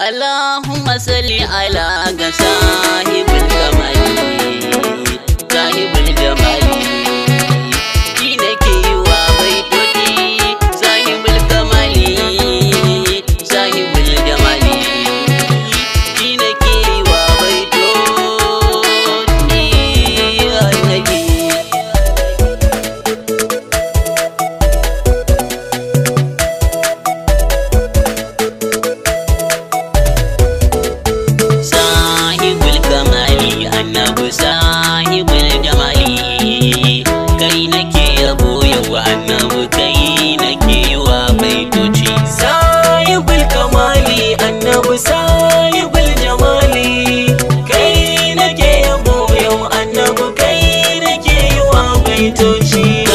Allahumma salli ala ga likitoci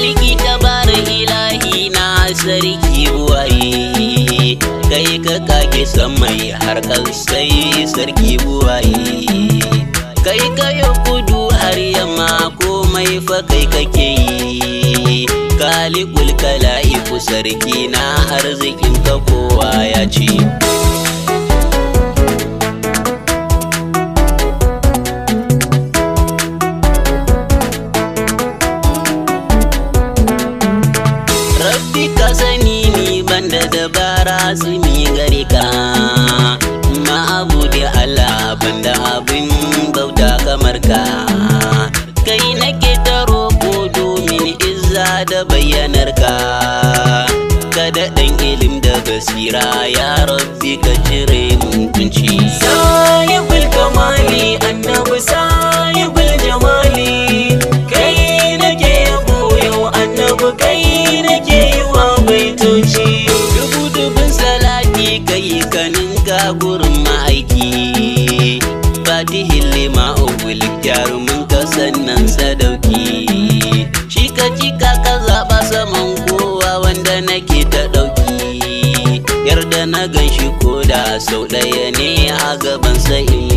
likita bara ilahi na sarki buwaye kai ka kake samai mai harkar sai sarki buwaye kai ka yi kudu har yamma komai fa kai kake yi kalikul kala'iku sarki na arzikin ka kowa ya ce azumi gare ka ma abu da Allah banda abin bauta kamar ka kai nake ta roƙo domin izza da bayyanar ka kada ɗan ilim da basira ya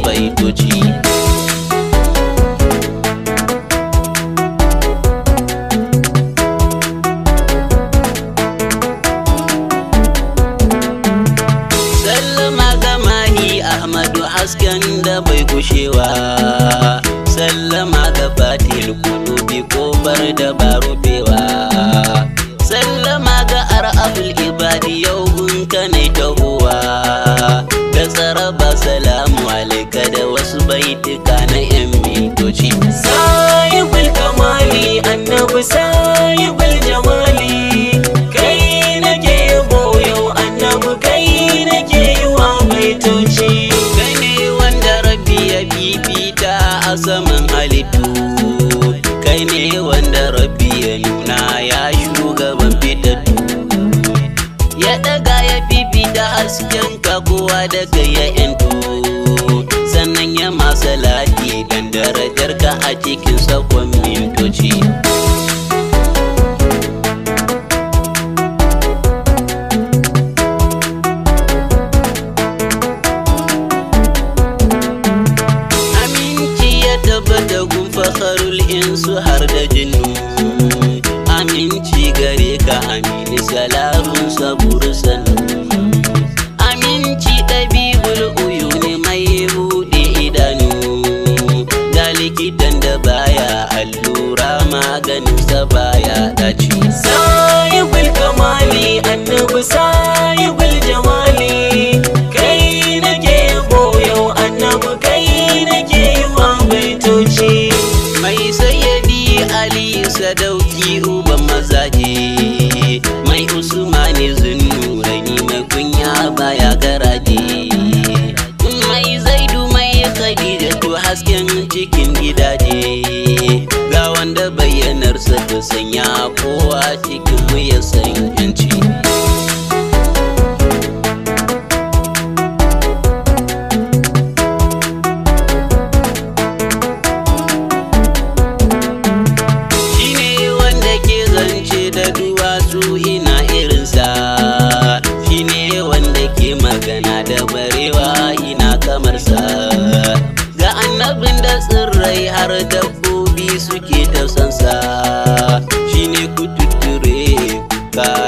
baitoci sallama gamani ahmadu hasken da bai gushewa sallama ga batil kulubi kofar da ba sallama ga ar'abul ibadi yau gunka ne tahowa ga tsara ba duka na yan mitoci sahibul kamali annabi sahibul jamali kai nake yabo yau annabi kai nake yi wa baitoci kai ne wanda rabbi ya bibita a saman halittu kai ne wanda rabbi ya nuna ya shugaban fitattu ya daga ya bibita hasken kaguwa daga ya 'yanto ka a cikin sakon mintoci.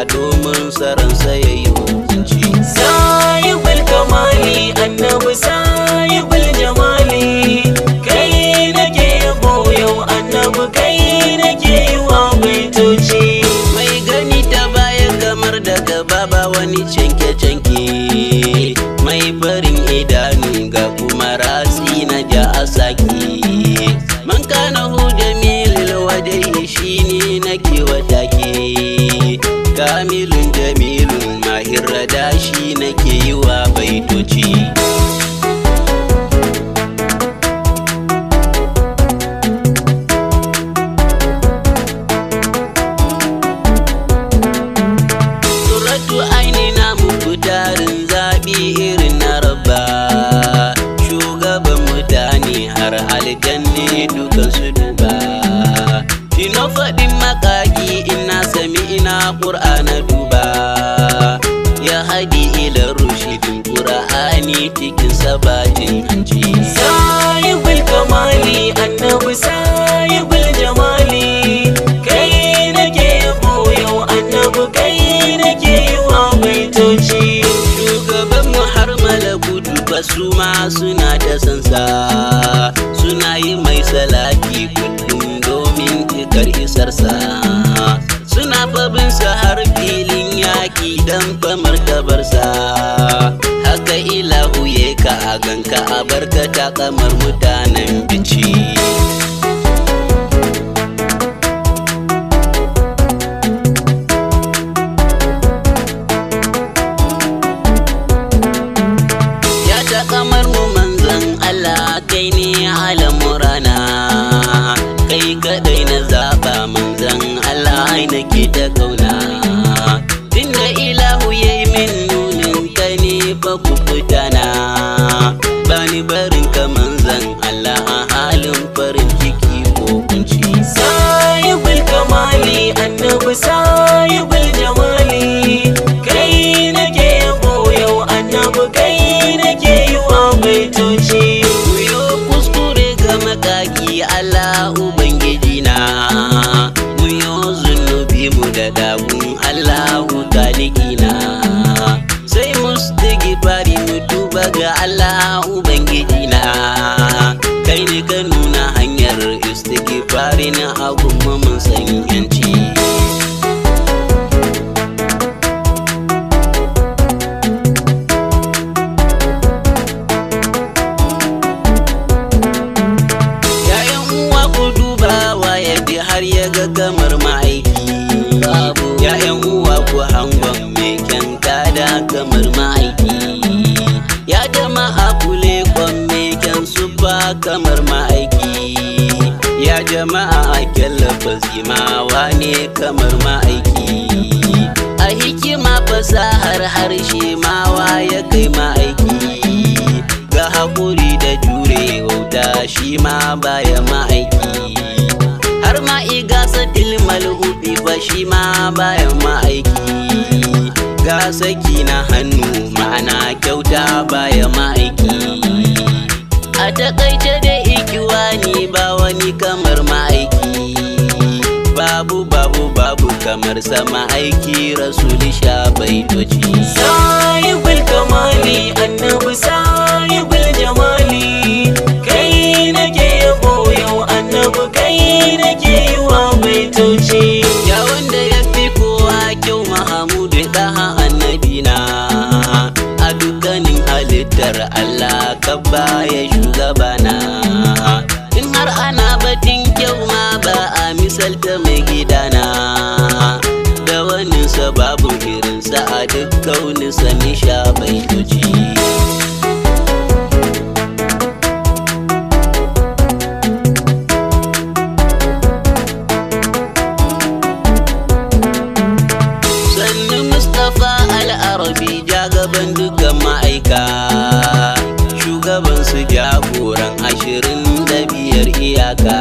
domin saransa ya yi hukunci. Sahibul kamali annabi sa ka a ganka a barka ta kamar mutanen bi manzan Allah a halin farin ciki ko kunci sahibul kamali annabi sahibul jamali kai nake yabo yau annabi kai nake yi wa baitoci yo kuskure ga makaki Allah ubangiji na mu yo zunubi mu da damu Allahu na. sai mustigibari mu duba ga Allah kai ne ka nuna hanyar istighfari na hagun sanyi. sanya jama'a kyallafas gimawa ne kamar ma'aiki a hikima fasahar harshe mawa ya kai ma'aiki ga haƙuri da jure wauta shi ma baya ma'aiki har ma igasa tilmal hufi ba shi ma ma ma'aiki ga saki na hannu ma'ana kyauta baya ma'aiki a takaice kamar sama aiki rasuli sha baitoci sahibul kamali annabi sahibul jamali kai nake yabo yau annabi kai nake yi wa baitoci ya wanda ya fi kowa kyau mahamudu daha annabina a dukkanin halittar allah kabba ya shugabana iyaka shugaban su jagoran ashirin da biyar iyaka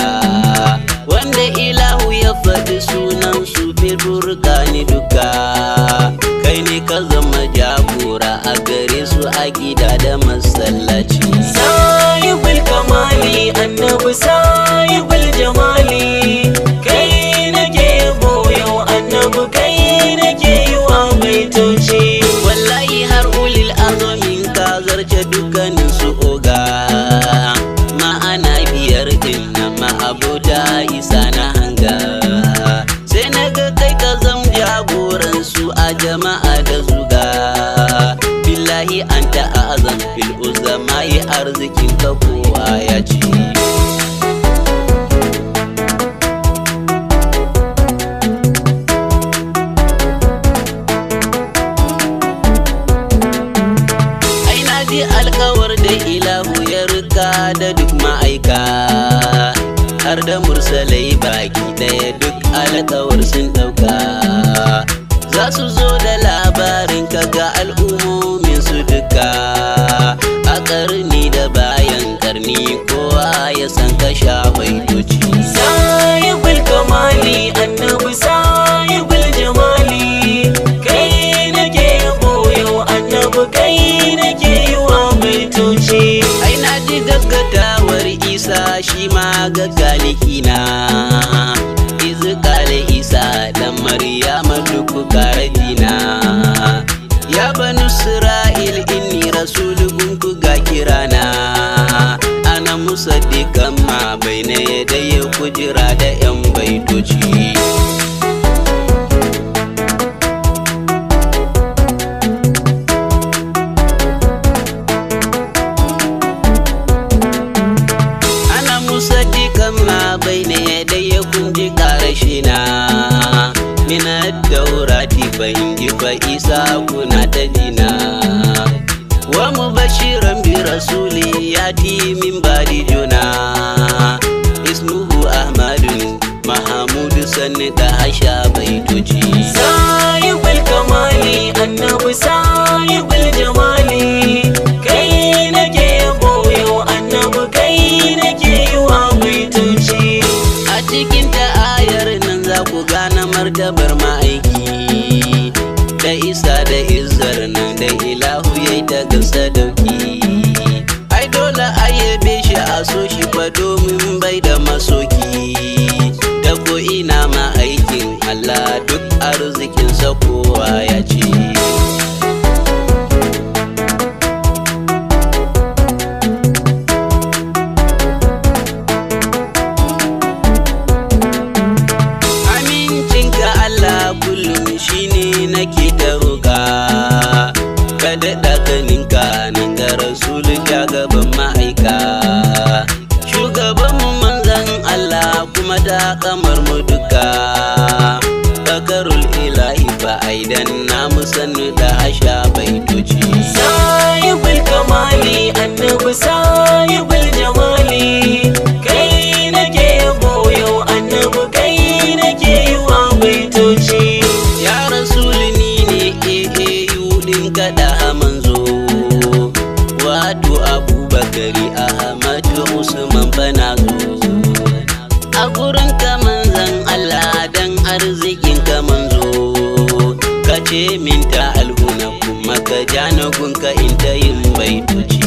wanda ilahu ya faɗi sunan su fiturka ni duka kai ne ka zama jagora a gare su a gida da masallaci sai kamali annabi sa bai dai ya kujira da 'yan da aisha hasha baitoci sahibul kamali annabi sahibul jamali kai nake yabo yau annabi kai nake yi wa tuci a cikin ta ayar nan za ku gane martabar ma'aiki da isa da izar nan da ilahu yayi ta gasa dauki ai dole ayyabe shi a so shi fado rasulu gaban ma'aika shugabanmu manzan Allah kuma da kamar mu duka bakarul ilahi ba aidan na musannu da asha baitoci sahibul kamali annabi sa Salawatu Abubakari Ahmadu Usman bana zuzu A gurin kaman zan Allah dan arzikin kaman zo Ka min ta alhuna kuma ka ja na gunka in ta yin baitoci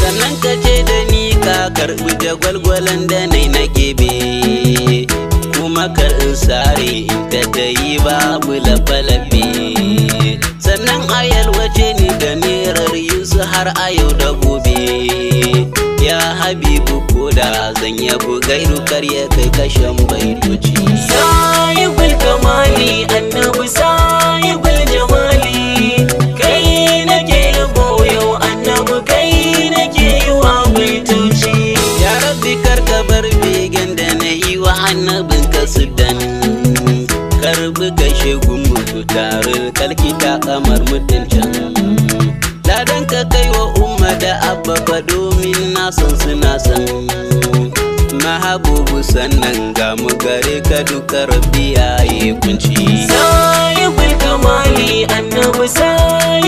Sannan kace da Allah karɓi gwalgwalan da nai na gebe kuma kar in sare in ta yi babu lafalafi sannan a yalwace ni da nerar yusu har a yau da gobe ya habibu ko da zan yabu gairu kar ya kai kashen baidoci sahibul kamali annabi sahibul kalki ta kamar mutuncin ladan ka kai wa umma da abba domin na san suna san mahabubu sannan ga mu gare ka duka rabbi ya yi kunci sai kamali annabi sai